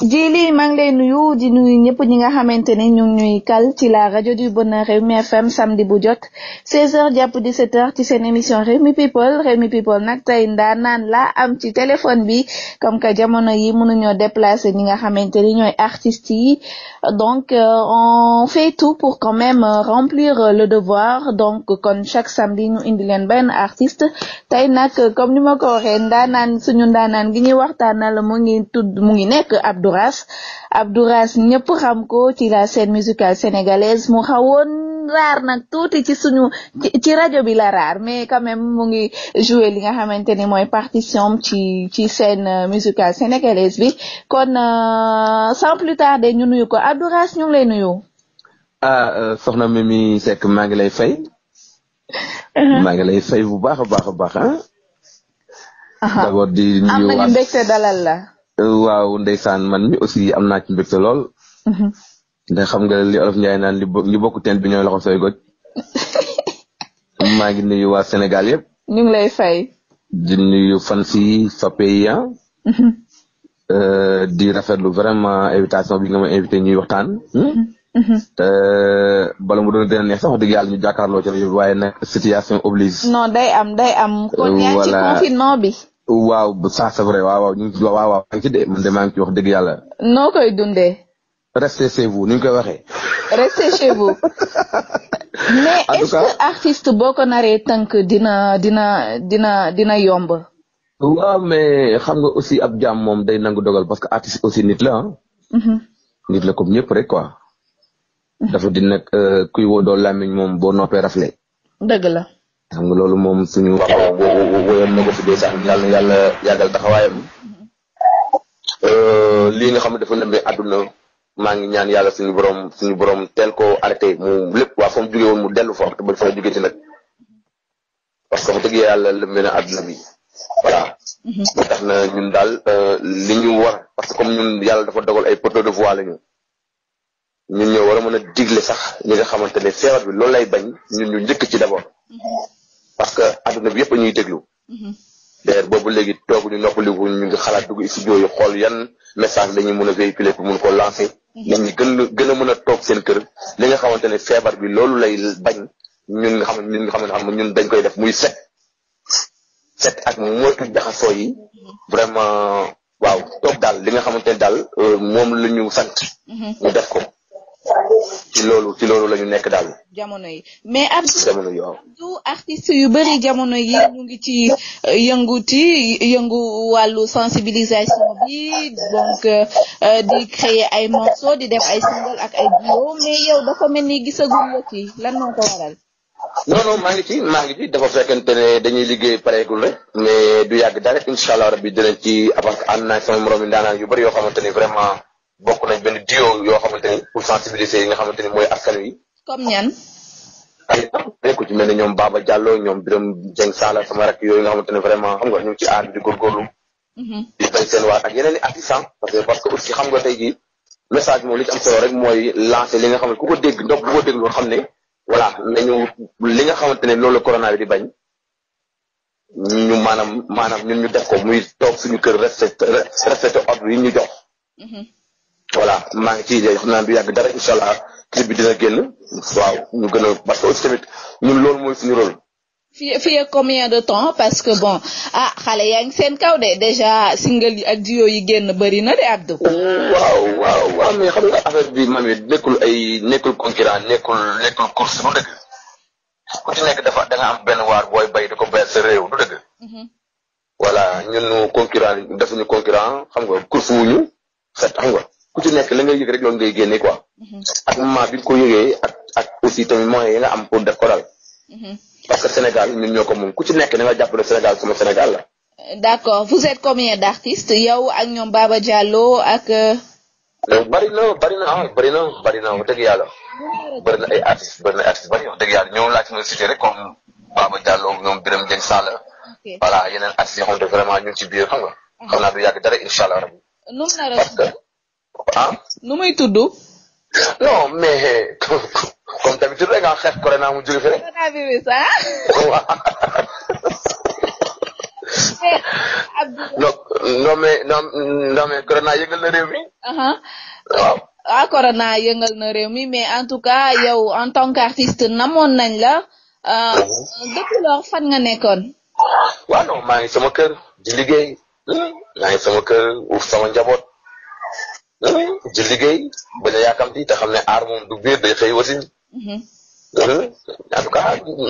Jili maa ngi lay nuyu di nuyu ñëpp ñi nga xamante ne ñu ñuy kal ci la rajo du bonheur Rewmi FM samedi bu jot 16h jàpp 17h ci seen émission Rewmi People Rewmi People nag tey ndaanaan la am ci téléphone bi comme que jamono yi mënuñoo déplacer ñi nga xamante ni ñooy artistes yi donc euh, on fait tout pour quand même euh, remplir euh, le devoir donc kon chaque samedi ñu indi leen benn artiste tey nag comme ni ma ko waxee ndaanaan suñu ndaanaan gi ñuy waxtaanal mu ngi tudd mu ngi nekk Abdou Abdou Rass Abdou ñëpp xam ko ci la scène musicale sénégalaise mu xawoon raar nag tuuti ci suñu ci rajo bi la raar mais quand même mu ngi jouer li nga xamante ni mooy partition ci ci scène musicale sénégalaise bi kon euh, sans plus tarder ñu nuyu ko Abdou Rass ñu lay nuyu. ah euh, soxna Mimi Seck maa ngi lay fay. Uh-huh. maa ngi lay fay bu baax a baax a ah. uh-huh. d'abord di nuyu. am nañu mbégte dalal la. waaw ndeysaan man mi aussi am naa ci mbégte lool. Mhm. ndax xam nga li olof Ndiaye naan li bo li bokk teen bi ñooy loxo sooy goj. maa ngi nuyu waa Sénégal yëpp. ñu ngi lay fay. di nuyu fan si soppe yi ah. mhm. euh, di rafetlu vraiment invitation bi nga ma invité ñuy waxtaan. Hmm? Mhm. Euh, bala mu doon gën a neex sax wax dëgg yàlla ñu jàkkaarloo ci waaye nag situation oblige. non day am day am. confinement bi. waaw ça c'est vrai waaw maa ngi ci de man de wax dëgg yàlla. noo koy dundee. restez chez koy waxe restez chez vous. mais est que artiste boo ko naree tënk dina dina dina dina yomb. waaw mais xam nga aussi ab jaam moom day nangu dogal parce que artiste aussi nit la ah. nit la comme ñëpp rek quoi. Mm-hmm. dafa di nag euh, kuy woo doo làmmiñ moom boo noppee rafle. dëgg xam nga loolu moom suñu woyoon na ko fi dee sax yàlla na yàlla yàggal taxawaayam euh, lii nga xam ne dafa lëmbee àdduna maa ngi ñaan yàlla suñu borom suñu borom teel koo arrêté lépp waa fa mu woon mu dellu fa te ba fa jógee ci nag parce wax dëgg yàlla lëmbee na àdduna bi voilà mm-hmm. ba na ñun daal euh, li ñu war parce que comme ñun yàlla dafa dogal ay porteurs de voix la ñu a mën a digle sax ñi nga xamante ne feebar bi loolu lay bañ ñun ñu njëkk ci d'abord mm-hmm. parce que àdduna bi yëpp a ñuy déglu. Mm-hmm. d'ailleurs boobu léegi tooguñu noppaliku ñu ngi xalaat dugg studio yi xool yan message lañu ñuy mën a véhiculer pour mun ko lancé mm-hmm. nit ñi gën a gën a mën a toog seen kër. li nga xamante ne feebar bi loolu lay bañ ñun nga xam ñun nga xam ñun dañ koy def muy set. ak ak moytu jaxasoo yi. Mm-hmm. vraiment waaw toog daal li nga xamante ne daal euh, moom la ñu sant. ñu def ko. ci loolu ci loolu la ñu nekk daal. jamono yi mais Abdou jamono yi waaw Abdou yu bari jamono yi mu ngi ci yëngu ci yëngu wàllu sensibilisation bi donc euh, di créer ay morceaux di def ay single ak ay duo mais yow dafa mel ni gisagul la ci lan moo ko waral. non maa ngi ci maa ngi ci dafa fekkente ne dañuy liggéey pareegul rek mais du yàgg dara incha allah rabbi dinañ ci avant ànd naa sama morom yi ndaanaan yu bari yoo xamante ni vraiment. bokk nañ benn duo yoo xamante ni pour sensibiliser yi nga xamante ni mooy askan wi. comme ñan. ay ku ci mel ne ñoom Baba jàlloo ñoom Birame Dieng Sala sama rakk yooyu nga xamante ne vraiment xam nga ñu ngi ci aar di góorgóorlu. Mm-hmm. di béy parce que parce que xam nga tey jii message moom li ci am solo rek mooy lancer li nga xam ne ku ko dégg ndox bu ko dégg loo xam ne voilà nañu li nga xamante ne loolu corona bi di bañ. ñu maanaam maanaam ñun ñu def ko muy toog suñu kër respecté respecté ordre yi ñu jox. Mm-hmm. voilà maa ngi ciy jox naan du yàgg dara incha allah clip bi dina génn waaw ñu gën a parce que tamit ñun loolu mooy suñu rôle. fii fii combien de temps parce que bon ah xale yaa ngi seen kaw de déjà single yi ak duo yi génn bëri na de Abdou. waaw waaw waaw mais xam nekkul ay nekkul concurrent nekkul nekkul course du dëgg ku ci nekk dafa da am benn waar booy bay di ko bayal sa réew du dëgg. Mm-hmm. voilà ñun concurrent defuñu concurrent xam nga course wuñu set xam ku ci nekk la ngay yëg rek loolu ngay génne quoi. Mm-hmm. ak moment bi ko yëgee ak ak aussi tamit moyens yi nga am pour def ko daal. Mm-hmm. parce que Sénégal ñun ñoo ko moom ku ci nekk da nga jàppale Sénégal sama Sénégal la. d'accord vous êtes combien d'artistes yow ak ñoom Baba Diallo ak. Euh, euh, bari na bari na ah bari na bari na wax dëgg yàlla bari na ay artistes bari na ay artistes bari na wax dëgg yàlla ñoom laaj nga cité rek comme yoo xam ne vraiment ñu ngi ci biir xam nga. Mm-hmm. xam naa ah. nu muy tudd. non mais comme d'habitude rek ah corona mu jóge fi rek. coronavirus ah. corona yëngal na réew mi. corona yëngal na mais en tout cas yow en tant qu'artiste namoon nañ la. Ah, oh. depuis lors fan nga nekkoon. waaw non maa ngi sama kër di liggéey. maa ngi sama kër uuf njaboot. ci liggéey bañ a yàkkamti te xam moom du biir day xëy wasin mhm. en tout cas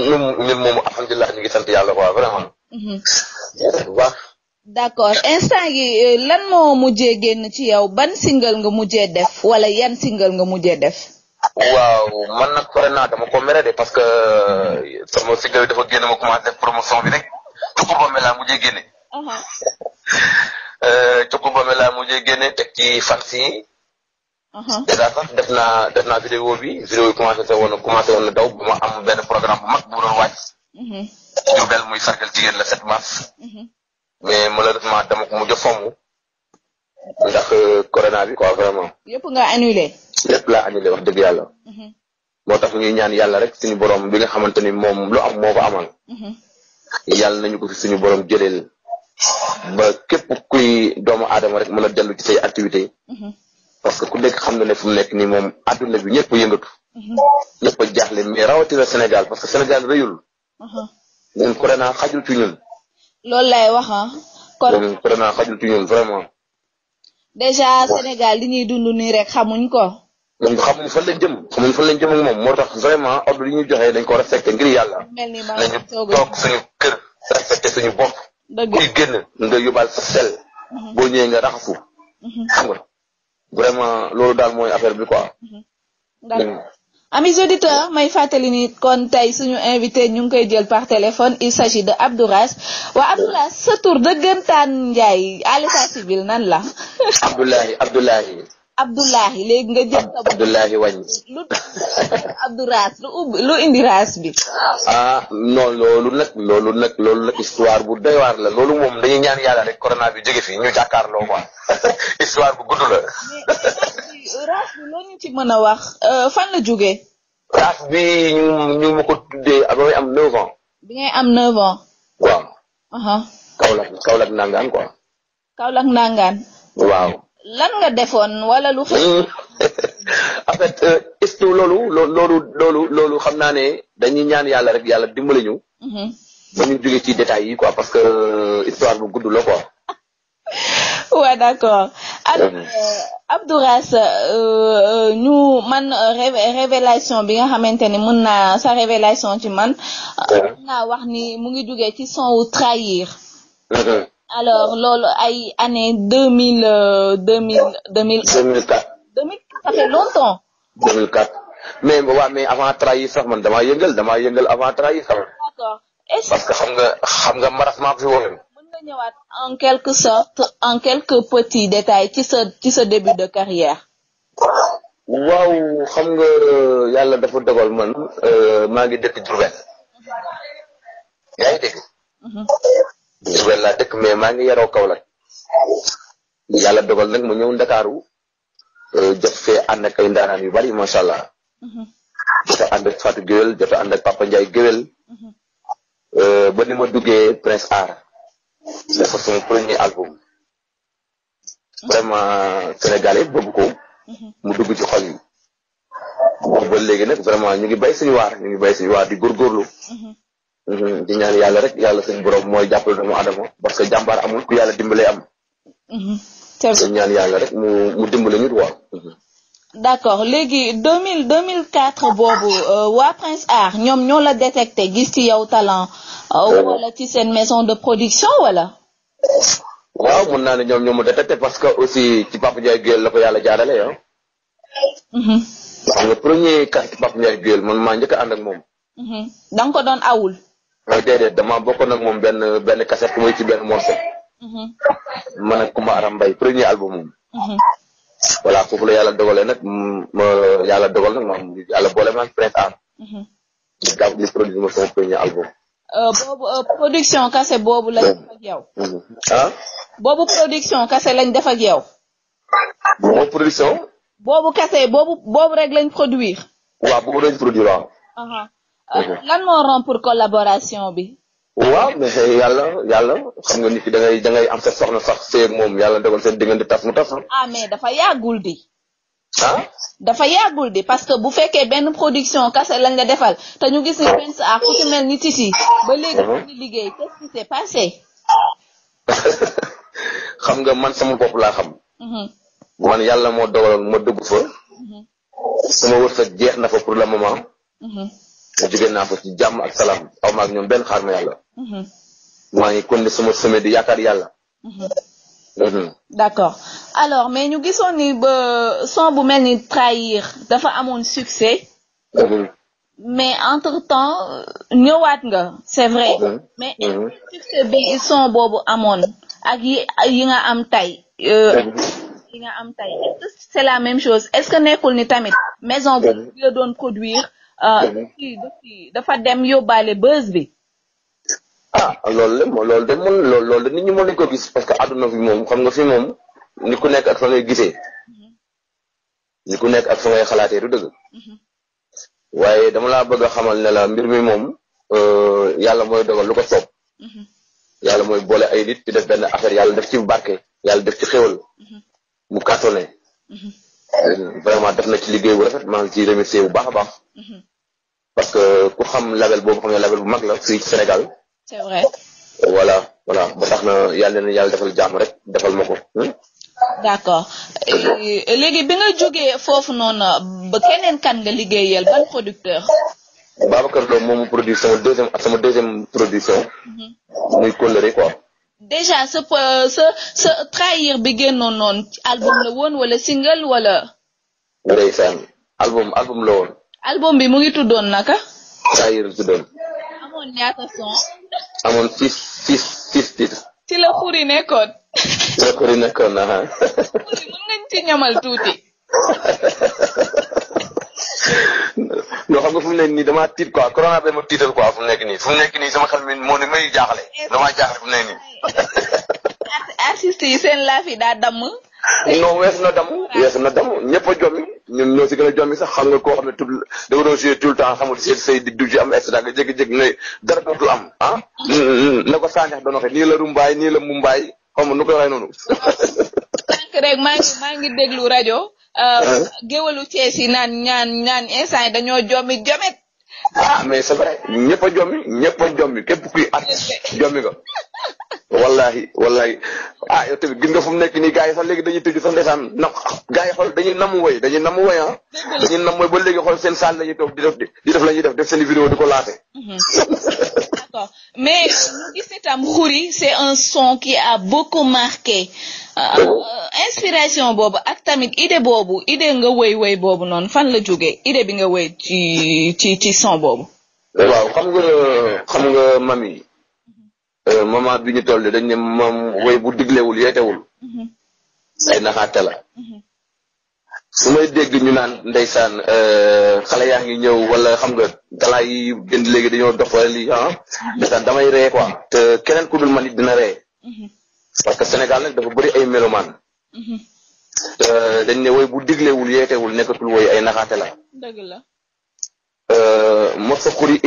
ñun ñun moom alhamdulilah ñu ngi sant yàlla quoi vraiment mhm. bu baax d'accord instant yi euh, lan moo mujjee génn ci yaw ban single nga mujjee def wala yan single nga mujjee def waaw man nag pare dama ko mere de parce que euh, sama single bi dafa génn ma promotion bi rek tukur ba mel laa mujjee génne uh-huh. Euh, Cukumba mi laa mujjee génne teg ci fans yi. Uh-huh. dèjà sax def naa def naa vidéo bi vidéo yi commencé woon commencé woon na daw bu ma am benn programme bu mag bu doon wàcc. Diourbel uh-huh. muy sargal jigéen la 7 mars. Uh-huh. mais malheureusement dama ko mujj a fomm ndax euh, corona bi quoi vraiment. yëpp nga annulé. lépp laa annulé wax dëgg yàlla. moo tax ñuy ñaan yàlla rek suñu borom bi nga xamante ni moom lu am moo ko amal. yàlla nañu ko fi suñu borom jëleel ba képp kuy doomu aadama rek mën a dellu ci say activité mhm. parce que ku nekk xam na ne fu mu nekk nii moom adduna bi ñëpp yëngatu mhm. ñëpp a jaaxle mais rawatina Sénégal parce que Sénégal rëyul ñun mhm. corona xajul ci ñun loolu lay wax ah kon corona xajul ci ñun vraiment déjà Sénégal li ñuy dund ni rek xamuñ ko ñun xamuñ fan lañ jëm xamuñ fan lañ jëm ak moom moo tax vraiment ordre yi ñuy joxee dañ ko respecté ngir yàlla nañu toog suñu kër respecté suñu bopp kuy génn nga yóbbaal Mm-hmm. boo ñëwee nga raxasu mm-hmm. xam vraiment loolu daal mooy affaire bi quoi. Mm-hmm. Mm. amis auditeurs may fàttali ni kon tey suñu invité ñu ngi koy jël par téléphone il s'agit de Abdou Rass waa Abdou Rass sa tur dëggantaan Ndiaye à l'état civil nan la. Abdoulaye Abdoulaye. Abdoulahi léegi nga jël sa bopp Abdoulahi wàññi. lu Abdou lu indi raas ah non loolu nag loolu nag loolu nag histoire bu doy la loolu moom dañuy ñaan yàlla rek corona bi jóge fi ñu jàkkaarloo quoi histoire bu gudd la. mais ñu ci mën a wax euh, fan la ñu ñu ma ko tuddee ah, ba may am 9 ans. bi am 9 ans. waaw. Uh-huh. Kaolack Kaolack nangaan nangaan. waaw. lan nga defoon wala lu. Hmm. en fait euh, est loolu loolu loolu loolu xam naa ne dañuy ñaan yàlla rek yàlla dimbali ñu. Mm-hmm. ba ñu jóge ci détails yi quoi parce que euh, histoire bu gudd la quoi. waaw d'accord alors mm-hmm. euh, Abdou Rass ñu man révélation bi nga xamante ni mën naa sa révélation ci man. mën naa wax ni mu ngi jóge ci son wu trahir. Mm-hmm. alors lool ay année deux mille deux mille deux mille. deux mille quatre. deux mille quatre deux mille quatre mais waa mais avant trahir sax man damaa yëngal dama yëngal avant trahir sax. d'accord parce que xam nga xam nga maras ma fi woon. mën nga ñëwaat en quelque sorte en quelques petits détails ci sa ci sa début de carrière. waaw xam nga euh, yàlla dafa dogal man euh, maa ngi dëkk Diourbel mhm. yaa dégg. Mhm. Diourbel laa dëkk ngi yaroo Kaolack yàlla dogal nag mu ñëw Ndakaaru euh, jot fee ànd ak ay ndaanaan yu bari macha allah. Mhm. jot a ànd ak Fatou Géwél jot a ànd ak Papa Ndiaye Géwél mhm. euh, ba ni ma duggee Prince Art dafa sama premier album mhm. vraiment Sénégal yëpp bëgg ko mu dugg ci xol yi ba léegi nag vraiment ñu ngi bay suñu waar ñu ngi bay suñu waar di góorgóorlu Mhm, di ñaan yàlla rek yàlla suñu borom mooy jàppale doomu adama parce que jàmbaar amul ku yàlla dimbalee am. Mhm. di ñaan yàlla rek mu mu dimbale ñu waaw. Mhm. d' accord léegi deux mille deux mille quatre boobu euh, waa Prince Art ñoom ñoo la détecté gis ci yow talent. Euh, wala ci seen maison de production wala. waaw mën naa ne ñoom ñoo mu détecté parce que aussi ci Papa Ndiaye Guèye la ko yàlla jaarale yow. Ah. xam nga premier cas ci Papa Ndiaye Guèye man maa njëkk a moom. da ko doon Euh, déedéet dama nag moom benn benn cassette muy ci benn morceau. Mhm. man a Kumba Aram Mbaye premier album moom. Mhm. voilà foofu la yàlla dogalee nag ma yàlla dogal nag ma yàlla boole ma ak Prince Art. Mhm. di gaaw di ma sama premier album. Euh, boobu euh, production kase boobu lañ def ak ah? boobu production kase lañ def ak boobu production. boobu kase boobu boobu rek lañ produire. waaw boobu lañ produire waaw. Uh-huh. Euh, mhm. lan moo pour collaboration bi. waaw mais yàlla yàlla xam nga nit ki da ngay am sa soxna sax seeg moom yàlla dogal seen diggante tas mu tas ah, ah mais dafa yàggul di. ah. dafa di parce que bu fekkee benn production kase lañ la defal te ñu gis ne benn saa ku ci mel ni Titi ba léegi ñu mhm. ngi liggéey qu'est-ce qui s'est xam nga man sama bopp laa xam. Mhm. man yàlla moo dogaloon ma dugg fa. sama wërsëg jeex na fa pour le moment. te jóge naa ko ci jàmm ak salaam aw ma ak ñoom benn xaar ma yàlla. Mm-hmm. maa ngi kon sama semaine di yaakaar yàlla. Mm-hmm. Mm-hmm. d'accord alors mais ñu gisoon ni ba bu mel ni trahir dafa amoon succès. mais entre temps ñëwaat nga c'est vrai. mais succès bi son boobu amoon ak yi yi nga am tey. Euh, am tey c'est la même chose est-ce que nekkul ni tamit maison boobu la doon produire. Ah, dafa dem yóbbaale bës bi. ah loolu la moom loolu de mën loolu de nit ñi mën nañu ko gis parce que àdduna fi moom xam nga fi moom ni ku nekk ak fa ngay gisee. Mm-hmm. ni ku nekk ak fa ngay xalaatee du dëgg. Mm-hmm. waaye dama la bëgg a xamal ne la mbir mi moom euh, yàlla mooy dogal lu ko soob. Mm-hmm. yàlla mooy boole ay nit di def benn affaire yàlla def ci barke yàlla def ci xéwal. mu cartonné. vraiment def na ci liggéey bu rafet maa ngi ciy remercier bu baax a baax. Mm-hmm. parce que ku xam label boobu xam ne label bu mag la fii ci Sénégal. c'est vrai. voilà voilà ba tax na yàlla na yàlla defal jàmm rek defal ma ko. Hmm? d'accord léegi bi nga jógee foofu noonu ba keneen kan nga liggéeyal ban producteur. Babacar Lo moom mu produit sama deuxième sama deuxième production. Mm-hmm. muy coloré déjà sa sa sa trahir bi génnoon noonu album la woon wala single wala. ndeysaan album album la woon. album bi mu ngi tuddoon naka. trahir tuddoon. amoon ñaata son. amoon six six ci la xuri nekkoon. ci la xuri nekkoon ah. xuri mën nañ ci ñamal tuuti. noo xam nga fu mu nekk nii damaa tiit quoi corona bi ma tiital quoi fu nekk nii fu nekk nii sama xel mi moo ne may jaaxle damaa jaaxle fu mu nekk nii. seen laaf daa damm. non weesu na damm weesu na damm ñëpp a jommi ñun ñoo si gën a jommi sax xam nga koo xam ne tout da nga doon joué tout le temps xamul seen say di du ci am extra nga jékki-jékki ne dara dootu am ah. Mm-hmm. Mm-hmm. Mm-hmm. na ko Sanex doon waxee nii la rumbaay nii la mumbaay xaw nu koy waxee noonu. rek maa ngi maa ngi déglu rajo. Euh, ah. géwalu Cees yi naan ñaan ñaan instant yi dañoo jommi jomet. ah mais c'est vrai ñëpp a jommi ñëpp a jommi képp kuy artiste jommi nga. wallahi wallahi ah yow tamit gis nga fu nekk ni gars yi sax léegi dañuy tëj sax ndeysaan na gars yi xool dañuy namu woy dañuy namu woy ah dañuy namu woy ba léegi xool seen saal la ñuy toog di def di def la ñuy def def seen vidéo di ko laate mhm. d'accord mais ñu gis tam xuri c'est un son qui a beaucoup marqué euh, euh, inspiration boobu ak tamit idée boobu idée nga woy woy boobu noonu fan la jógee idée bi nga woy ci ci ci son boobu eh waaw xam nga xam nga mami Euh, moment bi ñu toll dañ ne moom woy bu diglewul yeetewul mhm. ay naxaate la mhm. su may dégg ñu naan ndeysaan euh, xale yaa ngi ñëw wala xam nga galaa yi léegi dañoo dox wala lii ah ndeysaan damay ree quoi te keneen ku man it dina ree mhm. parce que Sénégal nag dafa bari ay mélomaan euh, dañ ne woy bu diglewul yeetewul nekkatul woy ay naxaate la dëgg la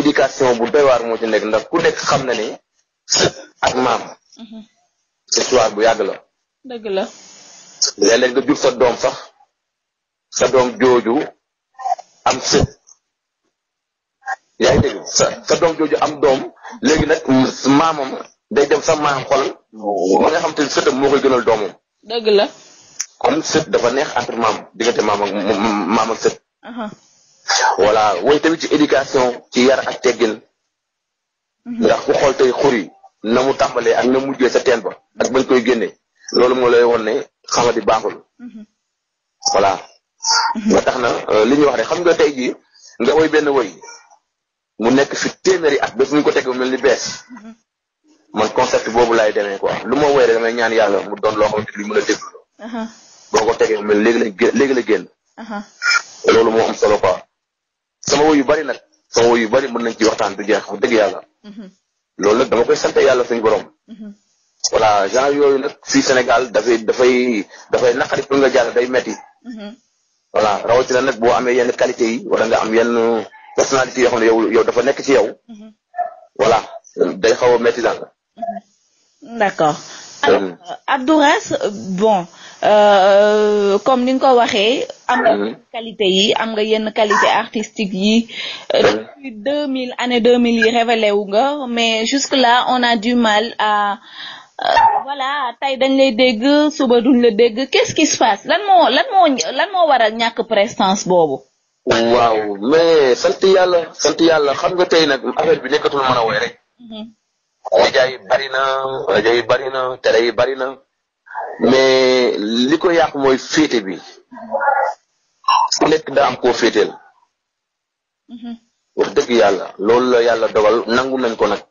éducation bu doy moo ci nekk ndax ku nekk xam na ni ak maam. Mhm. histoire bu yàgg la. dëgg la. léeg-léeg jur sa doom sax sa doom jooju am sët yaa ngi sa doom jooju am doom léegi nag maamam day dem sa maam xol ma oh. nga xam te ne sëtam moo koy gënal doomam. dëgg la. kon sët dafa neex entre maam diggante maam ak maam ak sët. voilà tamit ci éducation ci yar ak teggin. Mhm. ndax ku xool tey xur yi. na mu tàmbalee ak na mujjee sa teen ba ak bañ koy génnee loolu moo lay won ne xamadi baaxul mhm. voilà nga mhm. tax na euh, li ñuy wax rek xam nga tey jii nga woy benn woy mu nekk fi téeméeri ak ba fu ñu ko teg mel ni bees mhm. man concept boobu laay demee quoi lu ma woy rek damay ñaan yàlla mu doon loo xamante ni mën a déglu uh-huh. boo ko tegee mel léegi la léegi la génn uh-huh. loolu moo am solo quoi sama woy yu bari nag sama woy yu bari mën nañ ci waxtaan du jeex wax dëgg yàlla loolu nag dama koy sant yàlla suñu borom. Mhm. voilà genre yooyu nag fii Sénégal dafay dafay dafay naqari pour nga jàll day metti. Mhm. voilà rawatina nag boo amee yen qualité yi wala nga am yenn personnalité yoo xam ne yow yow dafa nekk ci yow. Mhm. voilà day xaw a metti daal. d'accord alors euh, bon. Euh, comme ni nga ko waxee am nga qualité yi am nga yenn qualité artistique yi euh, depuis deux mille année deux mille yi révélé wu nga mais jusque là on a du mal à euh, voilà tey dañ lay dégg suba duñ la dégg qu'est-ce qui se passe lan moo lan moo waral ñàkk prestance boobu waaw mais sant yàlla sant yàlla xam nga tey nag affaire bi nekkatul mën a woy rek média mhm. yi bari na rajo yi bari na mais li ko yàq mooy féete bi su nekk am koo féeteel mhm. wax dëgg yàlla loolu la yàlla dogal nangu nañ ko nag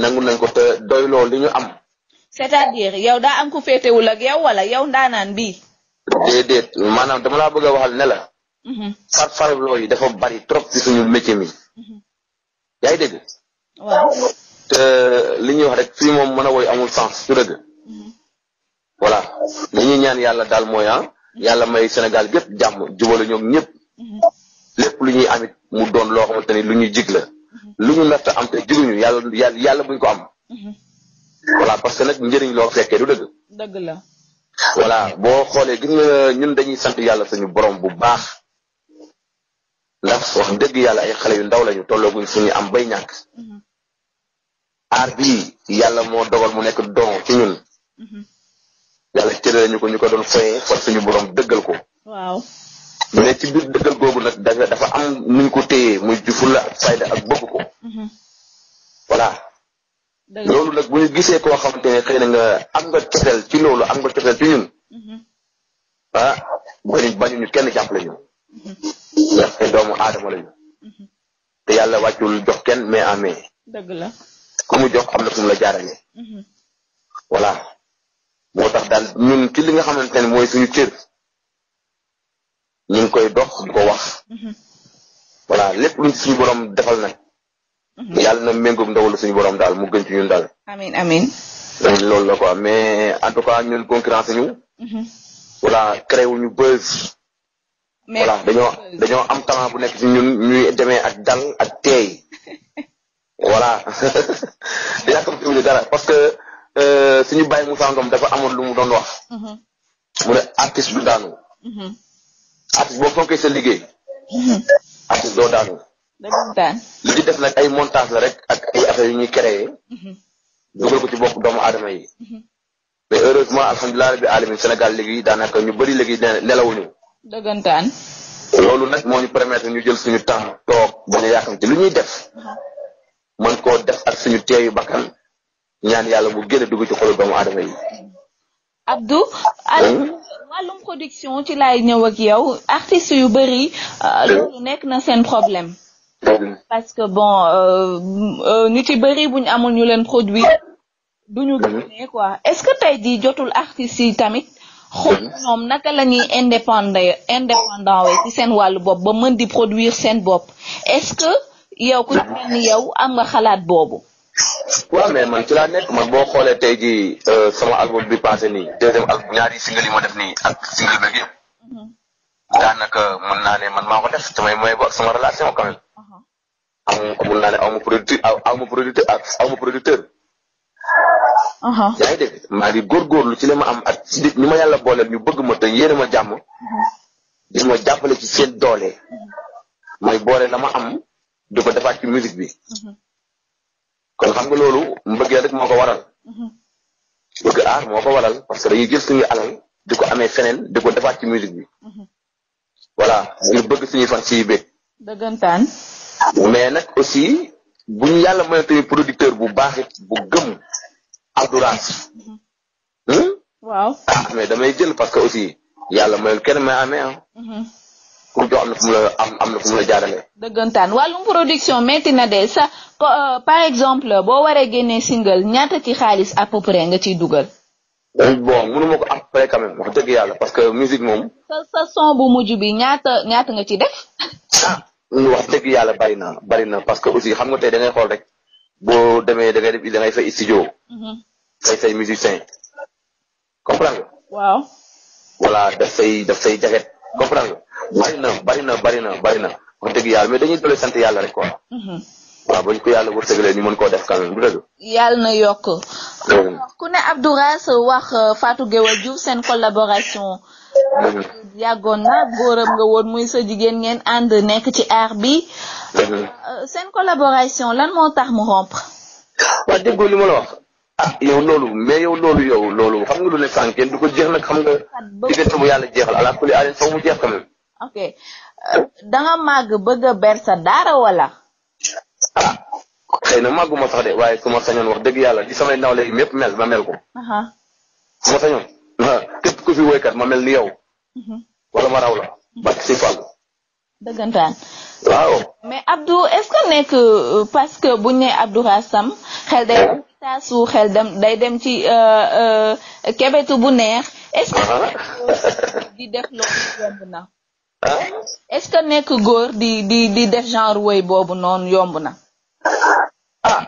nangu nañ ko te doy li ñu am c'est-à-dire yow daa am ku féetewul ak yow wala yow ndaanaan bi déedéet maanaam dama laa bëgg a waxal ne la mhm. far farloo yi dafa bari trop ci suñu métier mi mhm. yaa ngi dégg li ñuy wax rek fii moom mën a woy amul sens su dëgg voilà li ñaan yàlla daal mooy ah yàlla may Sénégal gépp jàmm jubale ñoom ñëpp mm-hmm. lépp lu ñuy amit mu doon loo xamante ni lu ñuy jig la mm-hmm. lu ñu natt am te jiguñu yàlla yàlla yàlla buñ ko am. Mm-hmm. voilà parce que nag njëriñ loo fekkee du dëgg. dëgg la. voilà boo xoolee gis nga ñun dañuy sant yàlla suñu borom bu baax ndax wax dëgg yàlla ay xale yu ndaw lañu tollooguñ fu ñu am bay ñàkk. aar bii yàlla moo dogal mu nekk don ci ñun. yàlla cërale ñu ko ñu ko doon foyee far suñu borom dëggal ko. waaw. mais ci biir dëggal googu nag dafa am nuñ ko téyee muy fulla ak fayda ak bëgg ko. Mm-hmm. voilà. loolu nag bu ñu gisee koo xamante ne xëy na nga am nga cofeel ci loolu am nga cofeel ci ñun. Mm-hmm. ah bañu bañu kenn jàppale ñu. Mm-hmm. doomu aadama lañu. te yàlla wàccul jox kenn mais amee. dëgg la ku mu jox am na fu la jaarale. voilà. moo tax daal ñun ci li nga xamante ne mooy suñu cër ñu ngi koy dox ko wax mhm. voilà lépp luñ suñu borom defal na mhm. yàlla na méngoog ndawalu suñu borom daal mu gën ci ñun daal amin amin loolu la ko mais en tout cas ñun concurrence ñu mhm. voilà créé wuñu buzz dañoo dañoo am talent bu nekk ci ñun ñuy demee ak dal ak teey voilà dara parce que Euh, suñu bàyyi Moussa dafa amoon lu mu doon wax. Mm-hmm. mu ne artiste du daanu. Mm-hmm. artiste boo fonkee sa liggéey. Mm-hmm. artiste doo daanu. li di def nag ay montage la rek ak ay affaires yu ñuy créé. dugal ko ci bopp doomu aadama yi. mais heureusement alhamdulilah rabbi alamin Sénégal léegi daanaka ñu bari léegi nelawuñu. dëggantaan. loolu nag moo ñu permettre ñu jël suñu temps toog bañ a ci lu ñuy def. mën koo def ak suñu teeyu bakkan. ñaan yàlla mu gën a dugg ci xolu doomu aadama yi. Abdou. Hmm? wàllum production ci laay ñëw ak yow artiste yu bëri euh, hmm? loolu nekk na seen problème hmm. parce que bon ñu ci bëri bu ñu amul ñu leen produit du ñu génnee quoi est-ce que tey di jotul artistes yi tamit xool naka la ñuy indépendant indépendant we ci seen wàllu bopp ba mën di produire seen bopp est-ce que yow ku ci mel ni yow xalaat boobu waaw mais man ci laa nekk man boo xoolee tey jii euh, sama album bi passé nii deuxième album ñaari single yi ma def nii ak single beeg yëpp mhm. daanaka mën naa ne man maa ko def samay may sama am mën naa ne aw ak aw ma producteur yaa ngi dégg ci li ma am ak ci yàlla booleel ñu bëgg ma te yéene ma jàmm mhm. di ma jàppale ci seen doole mhm. may boole la ma am di ko defaat ci musique bi kon xam nga loolu mbëggeel rek moo ko waral. Mhm. bëgg aar moo ko waral parce que dañuy jël suñu alal di ko amee feneen di ko defaat ci musique bi. Mhm. voilà ñu bëgg suñuy fan si bég. dëggantaan. mais nag aussi buñ yàlla mën a producteur bu baax it bu gëm endurance. Mhm. Hmm? waaw ah mais damay jël parce que aussi yàlla mayul kenn may amee ah. production am na fu mu la am am na fu production métti na de sa euh, par exemple boo waree génnee single ñaata ci xaalis à près nga ciy dugal. Euh, bon mënu ma ko après quand même wax dëgg yàlla parce que musique moom. sa sa son bu mujj bi ñaata ñaata nga ci def. wax dëgg yàlla bari na bari na parce que aussi xam nga tey dangay xool rek boo demee da ngay def da ngay fay studio. Mhm. fay say musicien comprendre nga. waaw. daf say daf say jaget. comprendre nga bari na bari na bari na bari na wax dëgg yàlla mais dañuy dolli sant yàlla rek quoi. Mhm. waaw bañ ko yàlla wërsëgalee ñu mën koo def quand même du dëgg. yàlla na yokk. ku ne Abdou Rass wax euh, Fatou Gueye Diouf seen collaboration. yàggoon na góoram nga woon muy sa jigéen ngeen ànd nekk ci aar bi. Euh, seen collaboration lan moo tax mu rompre. waaw déggoo li ma la wax. ah yow loolu mais yow loolu yow loolu xam nga lu ne sànq kenn du ko jeex nag xam nga diggante bu yàlla jeexal ala kulli aalen faw mu jeex quand même ok euh, da nga màgg bëgg a wala ah xëy na màgguma de waaye su sañoon wax dëgg yàlla di samay ndaw léegi mépp mel ma mel ko su ma sañoon képp ku fi woykat ma mel ni yow mhm. wala ma raw la bàkk si fàll dëggantaan waaw mais Abdou est-ce que nekk euh, parce que buñ ne Abdou Rassam xel day eh. taasu xel dem day dem ci euh, euh, kebetu bu neex est-ce que ah. di def loolu yomb na ah. est-ce que nekk góor di di di def genre woy boobu noonu yomb na ah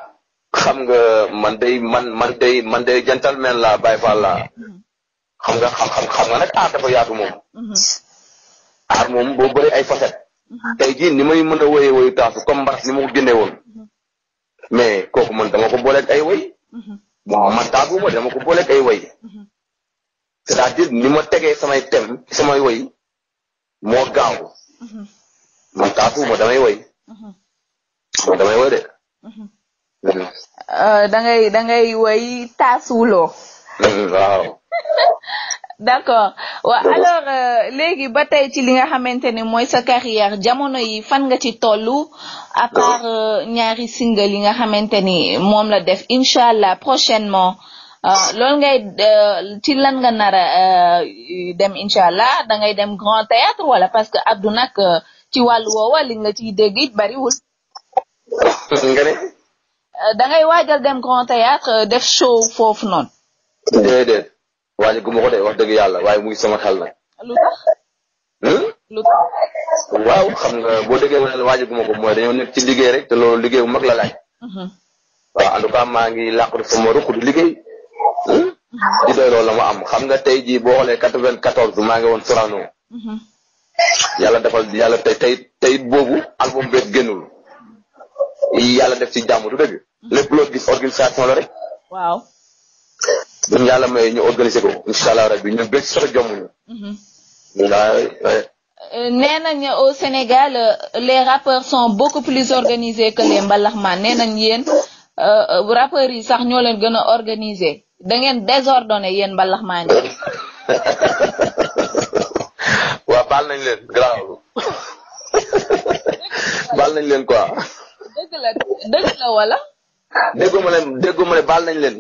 xam nga man day man man day man day gentleman la Baye Fall la xam nga xam xam nga nag aar dafa yaatu moom mm-hmm. aar moom boo bëri ay facette mm-hmm. tey jii ni may mën a woyee woyu taasu comme mbaras ni ma ko génne woon mm-hmm. mais kooku man dama ko booleeg ay way bon mhm. man taagu ma dama ko booleeg ay way mhm. c'est-à-dire ni ma tegee samay thème samay way moo gaaw mhm. man taagu ma damay way man damay way de euh, dangay ngay da ngay way d'accord waaw alors euh, léegi ba tey ci li nga xamante ne mooy sa carrière jamono yi fan nga ci tollu à part euh, ñaari single yi nga xamante ni moom la def incha allah prochainement euh, loolu ngay ci lan nga nar a dem incha allah da ngay dem grand théâtre wala parce que Abdou nag ci wàllu woowa li nga ci dégg it bariwul. nga ne. waajal dem grand théâtre def show foofu noonu. déedéet. waaye gu ma ko de wax dëgg yàlla waaye mu ngi sama xel na lu waaw xam nga boo déggee ma ne waaye gu ma ko mooy dañoo nekk ci liggéey rek te loolu liggéey bu mag la laaj. Mhm. waaw en tout cas maa ngi làqatu sama ruq di liggéey. Hmm? Mhm. di doy loolu la ma am xam nga tey jii boo xoolee quatre-vingt-quatorze maa ngi woon Sorano. Mhm. yàlla defal yàlla tey tey tey boobu album beeg yàlla def ci jàmm du dëgg. lépp loo gis organisation la rek. waaw. buñ yàlla may ñu organiser ko incha allah rabi ñun béy sax jommuñu. Mhm. Euh, nee nañ au Sénégal euh, les rappeurs son beaucoup plus organisés que les mbalaxmaan nee nañ yéen euh, yi sax ñoo leen gën a organisé da ngeen désordonné yéen mbalaxmaan yi. waaw baal nañ leen grave baal nañ leen quoi. la dëgg la wala. déggu ma ne déggu ma ne baal leen.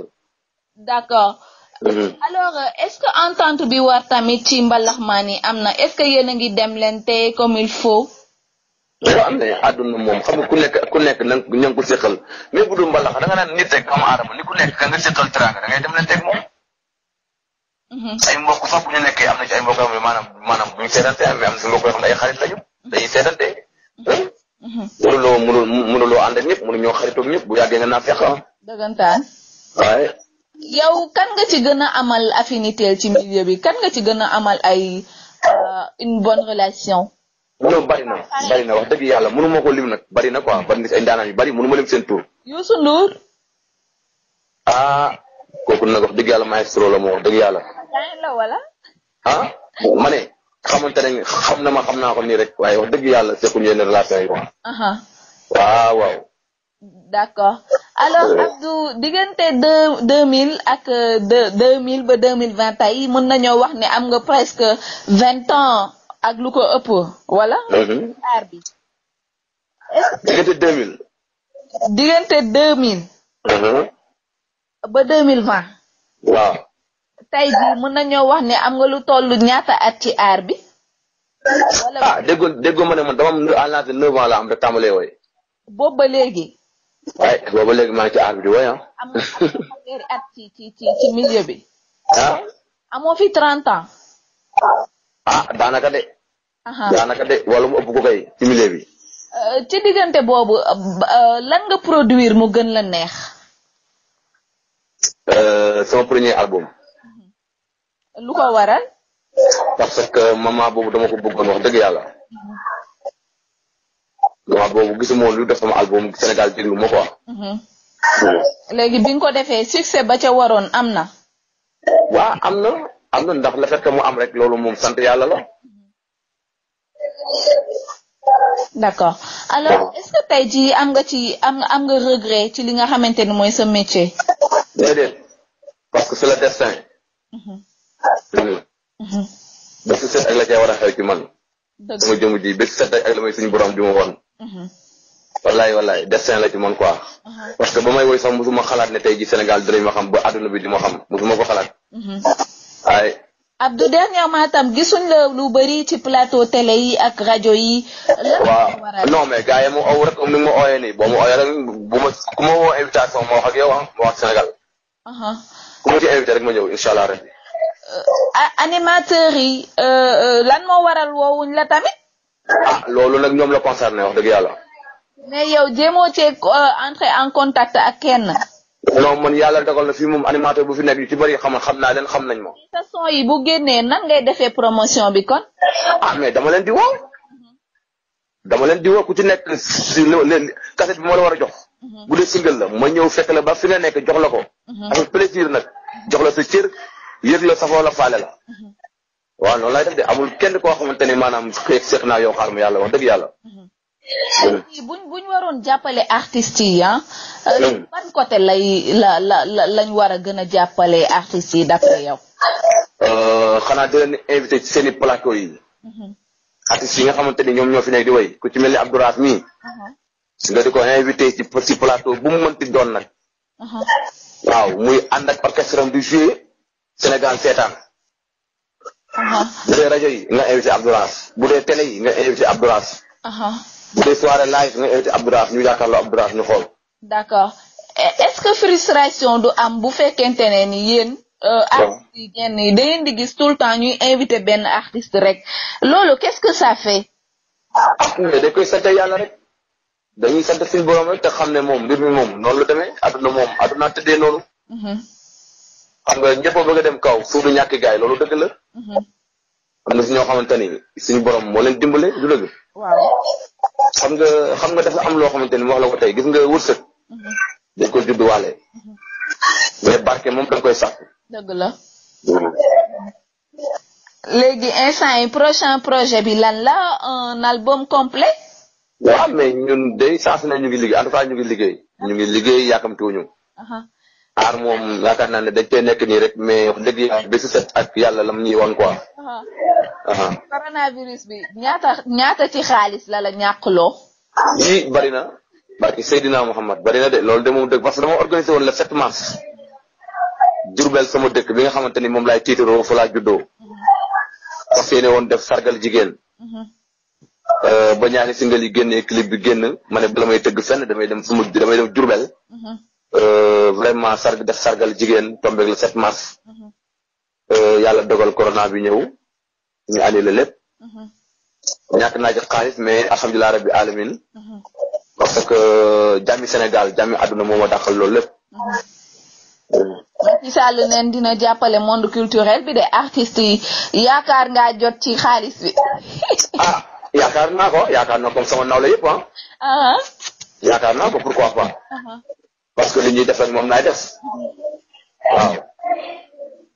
d'accord mm-hmm. alors est-ce que entente bi war tamit ci mbalaxmaan yi am na est-ce que yéen ngi dem leen te comme il faut. yoo am ne àdduna xam ku nekk ku nekk na ña ngi ko séqal mais bu du mbalax da nga naan nit rek xam aadama ni ku nekk ka nga séqal teraanga da dem leen teg moom. Mm-hmm. ay mbokk yoo xam ne maanaam am na ci mbokk yoo xam ne ay xarit lañu dañuy seetante. Mm-hmm. Hmm? mënuloo mënuloo mënuloo ànd ak ñëpp mënuñoo xaritoog ñëpp bu yàggee nga naa fexe ah. yow kan nga ci gën amal affinité ci milieu bi kan nga ci gën a amal ay euh, une bonne relation. non bari na bari na wax dëgg yàlla mënu ma ko lim nag bari na quoi bari na si ay ndaanaan yu bari mënu ma lim seen tur. Youssou Ndour. ah kooku nag wax dëgg yàlla maestro la moo wax dëgg yàlla. la wala. ah ma ne xamante xam na ma xam naa ko nii rek waaye wax dëgg yàlla sequ ñu yenn relation yi quoi. waaw waaw. d'accord. alors Abdou diggante deux deux mille ak deux deux mille ba deux mille vingt tey mën nañoo wax ne am nga presque vingt ans ak lu ko ëpp wala. Mm-hmm. aar bi. diggante deux mille. diggante deux mille. Mm-hmm. ba deux mille vingt. waaw. tey jii mën nañoo wax ne am nga lu toll ñaata at ci aar bi. wala ah déggoo déggoo ma ne man dama am à l'âge de neuf ans la am rek tàmbalee woy. bo ba léegi. waaye booba léegi maa ci aar bi di woy ah. am na fi 30 ah. ans. ah daanaka de. daanaka de wala mu ëpp kay ci milieu bi. Euh, ci diggante boobu euh, lan produire mu gën la neex. Euh, sama premier album. lu ko waral. parce que maman boobu dama ko bëggoon wax dëgg yàlla. Mhm. mois boobu gisuma woon lu def sama album Sénégal déglu ma quoi. Mhm. léegi bi nga ko defee succès ba ca waroon am na. waaw am na am na ndax la fait que mu am rek loolu moom sant yàlla la. d'accord alors est-ce que tey jii am nga ci am am nga regret ci li nga xamante ni mooy sa métier. déedéet parce que c'est le destin. Mhm. Mhm. ba su set ak la cee war a ci man. dëgg la sama jëmm ji ak la may suñu borom bi ma Mm-hmm. wallaay wallaay destin la ci man quoi. Uh-huh. parce que ba may woy sax musuma xalaat ne tey ji Sénégal dinañ ma xam ba àdduna bi di ma xam musuma ko xalaat. waaye. Mm-hmm. Abdou dernièrement tam gisuñ la lu bëri ci plateau télé yi ak rajo yi. waaw non mais gars yi ma ow rek am ni ma ooyee nii boo ma ooyee rek bu ma ku ma woo invitation ma wax ak yow ah ma wax Sénégal. Uh-huh. ku ma ci invité rek ma ñëw incha allah ren. Euh, animateurs yi euh, euh, lan moo waral woowuñ la tamit. ah loolu nag ñoom la concerné wax dëgg yàlla. mais yow jéemoo cee euh, entré en contact ak kenn. non man yàlla dogal na fii moom animateur bu fi nekk ci bëri xam xam naa xam nañ ma. sa son yi bu génnee nan ngay bi kon. ah mais dama leen di dama leen di woo ci nekk si li bi moo la war a jox. Mhm. bu dee single la ma ñëw fekk la ba fi nga nekk jox la ko. Mhm. avec plaisir nag jox la sa cër yëg la safoo la faale la. Mhm. waaw noonu laay def de amul kenn koo xamante ne maanaam seq naa yow mu yàlla wax dëgg yàlla. Mm-hmm. buñ buñ waroon jàppale artistes yi ah. Euh, mm. côté lay la la la lañ war a gën a jàppale artistes yi d'après yow. Euh, xanaa di leen invité ci seen i plateau yi. Mm-hmm. artistes yi nga xamante ni ñoom ñoo fi nekk di woy ku ci mel ni Abdourahmane mii. Uh-huh. nga di ko invité ci ci plateau bu mu mënti doon nag. Uh-huh. waaw muy ànd ak orchestre am di Sénégal seetaan. Uh-huh. bu dee rajo yi nga invité Abdourahmane bu dee télé yi nga invité Abdourahmane. Uh-huh. bu dee soirée live nga invité Abdourahmane ñu jàkkaarloo Abdourahmane ñu xool. d'accord eh, est-ce que frustration du am bu fekkente ne ni yéen. Euh, artistes yi ngeen yi da ngeen di gis tout le temps ñuy invité benn artiste rek loolu qu'est-ce que ça fait. mais da koy sant yàlla rek dañuy sant suñu borom rek te xam ne moom mbir mi moom noonu la demee adduna moom adduna mm-hmm. xam nga ñëpp a a dem kaw suuf du ñàkk Mm-hmm. am na si ñoo xamante ni suñu borom moo leen dimbale du dëgg. waaw xam nga xam nga dafa am loo xamante ni wax la ko tey gis nga wërsëg. Mm-hmm. dañ koy judduwaale. Mm-hmm. mais barke moom dañ koy sàkk. dëgg la. léegi instant yi prochain projet bi lan la un album complet waaw mais ñun de saa su ne ñu ngi liggéey en tout ñu ngi liggéey. ñu ngi liggéey yàkkamtuwuñu. Uh-huh. aar moom yaakaar naa ne dañ cee nekk nii rek mais wax dëgg yàlla bési set ak yàlla lam ñuy wan quoi. Ah. Ah. coronavirus bi ñaata ñaata ci xaalis la la ñàkkloo. yii bari na barki Seydina Mouhamad bari na de loolu de moom dëgg parce que dama organisé woon le 7 mars. Diourbel sama dëkk bi nga xamante ni moom laay tiitaroo fa laa juddoo. Mm-hmm. fas yéene woon def sargal jigéen. Mm-hmm. Euh, ba ñaari singal yi génnee clip bi génn ma ne bala may tëgg fenn damay dem sama damay dem Diourbel. Mm-hmm. Euh, vraiment sarg def sargal jigéen tombeeg le 7 mars. Mhm. Euh, yàlla dogal corona bi ñëw ñu lépp. Mhm. ñàkk naa ci xaalis mais alhamdulilah rabbi alamin mhm. parce que euh, jàmmi Sénégal jàmmi àdduna moo ma dàqal loolu lépp. Macky Sall neen dina jàppale monde culturel bi de yi yaakaar ngaa jot ci xaalis bi. ah yaakaar naa ko yaakaar naa comme sama nawle yëpp ah. Uh-huh. pourquoi pas. Uh-huh. parce que li ñuy def moom naay des waaw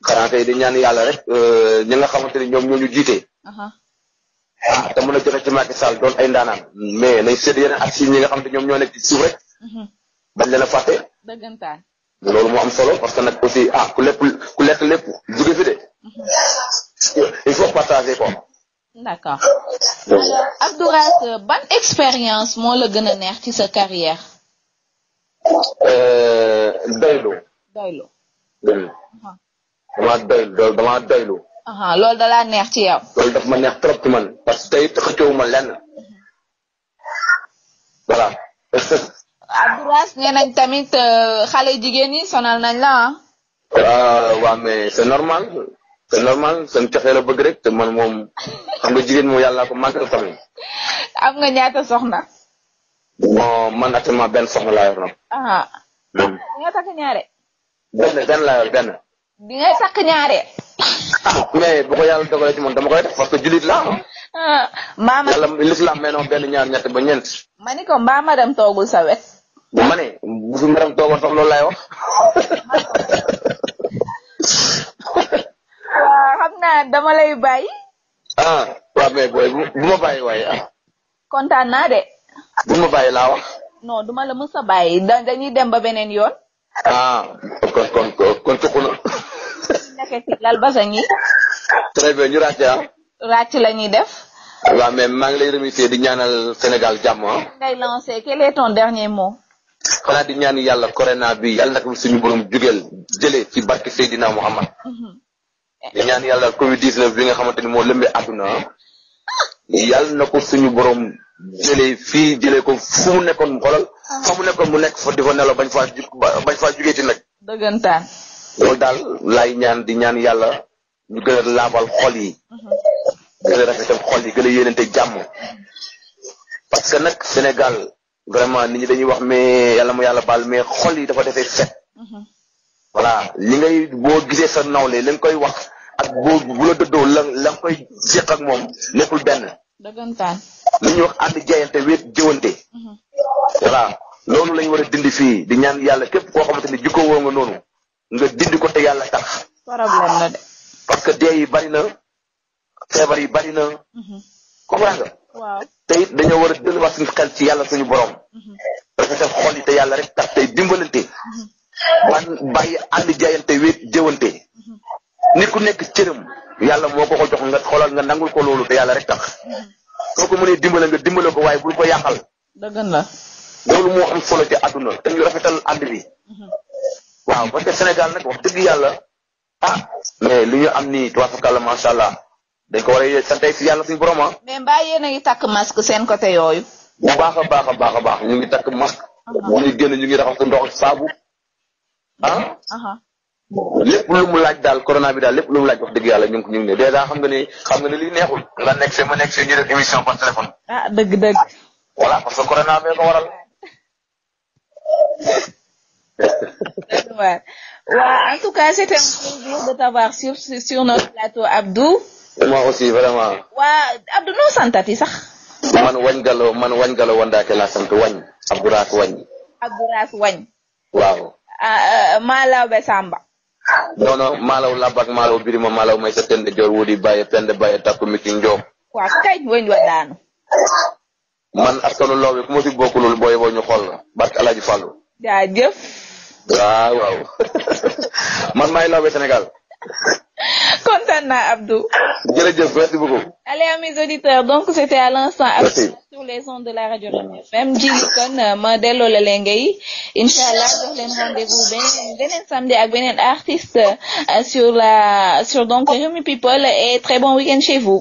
xanaa tey di ñaan yàlla rek euh, ñi nga xamante ni ñoom ñoo ñu jiite. Uh-huh. ah te mën a joxe ci Macky Sall doon ay ndaanaan mais nañ seet yeneen ak si nga xamante ñoom ñoo nekk ci suuf rek. Uh-huh. bañ leen a fàtte. dëggantaan loolu moo am solo parce que nag aussi ah ku lépp lekk lépp jóge fi de. Uh-huh. il faut partager ko. d'accord euh, ban expérience moo la a neex ci sa carrière. Eh, doylu doylu damaa doylu loolu damaa doylu loolu da neex ci yow loolu daf ma neex trop ci man parce que tey xëccoowu ma lenn voilà Abdourass nee tamit euh, xale jigéen ñi sonal nañ la ah, ah c'est normal c'est normal seen coxee la bëgg rek te man moom xam nga jigéen moom yàlla ko manqué tamit am nga ñaata soxna non man actuellement benn soxna laa yor nag. ah. Hmm. di nga takk ñaare. benn benn laa benn. di ngay takk ñaare. Ah, mais bu ko yàlla ci man dama koy def parce que jullit laa ah. maama yàlla l'islam benn ñaar ñett ba ñeent. ma ni ko mbaa madame toogul sa wet. ma ne bu fi madame wax. Ah, xam naa dama lay bàyyi. ah waaw mais booy ah. de. bu ma bàyyi laa wax. non duma la mës a bàyyi dañuy dem ba beneen yoon. ah kon kon kon tuq na. basan yi. très bien ñu ràcc ah. ràcc la ñuy def. waaw mais maa ngi lay remercier di ñaanal Sénégal jàmm ah. ngay lancé quel est dernier mot. xanaa di ñaan yàlla corona bi yàlla nag suñu borom jugeel jëlee ci barke Seydina Muhammad. Mm-hmm. ñaan yàlla Covid 19 bi nga xamante ni moo lëmbee àdduna ah. yàlla na ko suñu borom. jële fii jëlee ko fu mu nekkoon mu xoolal fa mu nekkoon mu nekk fa di fa nelaw bañ faa bañ faa jugeeti nag. dëggantaan. loolu daal laay ñaan di ñaan yàlla ñu gën a laabal xol yi. Mhm. a rafetal xol yi gën a yéenante parce que nag Sénégal vraiment nit dañuy wax mais yàlla mu yàlla baal mais xol yi dafa defee fet. Mhm. voilà li ngay boo gisee sa nawle lañ koy wax ak boo bu la dëddoo la la koy séq ak moom nekkul benn. dëggantaan. lu ñuy wax ànd jaayante wéet jëwante mhm. voilà loolu lañ war a dindi fii di ñaan yàlla képp koo xamante ni jikko woo nga noonu nga dindi ko te yàlla tax problème la parce que dee yi bari na feebar yi bari na mhm. comprendre nga dañoo war a delluwaat suñu xel ci yàlla suñu borom mhm. rafetal xol yi te yàlla rek tax tey dimbalante ban bàyyi ànd jaayante wéet jëwante nit ku nekk cërëm yàlla moo ko ko jox nga xoolal nga nangul ko loolu te yàlla rek tax soo ko mënee dimbale nga dimbale ko waaye bul ko yàqal. dëgg la. loolu moo am solo ci àdduna te ñu rafetal ànd bi. Mhm. waaw parce que Sénégal nag wax dëgg yàlla ah. mais lu ñu am nii tubaab macha allah dañ ko war a sant si yàlla suñu borom ah. mais mbaa yéen a ngi takk masque seen côté yooyu. bu baax a baax a baax a baax ñu ngi takk masque. moo uh-huh. ñu génn ñu ngi raxasu ndox saabu ah. Uh-huh. lépp lu mu laaj daal corona bi daal lépp lu mu laaj wax dëgg yàlla ñu ngi ñu ngi ne dèjà xam nga ne xam ne lii neexul nga nekk see ma nekk see ñu téléphone. ah dëgg dëgg. voilà parce que corona bee ko waral. waaw en tout cas c'était un plaisir de t'avoir sur sur Abdou. moi aussi vraiment. waa Abdou noo santati sax. man wañ galo man wañ galo wandaake laa sant wañ. Abdouraas wañ. Abdouraas wañ. waaw. ah euh, Maa Lawbe Samba. non non maalaw labak maalaw birima maalaw may sa tende joor wudi baye pende baye tapp mi ki waa kay weñ wa man askanu loobe ku ma si bokkulul booy boo ñu xool a alaaji fàllu jaajëf waaw waaw man maay loobe Sénégal kontaan naa Abdou. jërëjëf merci beaucoup. auditeurs donc c'était à l'instant sur les ondes de la radio Rewmi FM jigi kon euh, ma delloo la leen ngay allah jox leen rendez-vous beneen beneen ak beneen artiste euh, sur la sur donc Rewmi People et très bon week chez vous.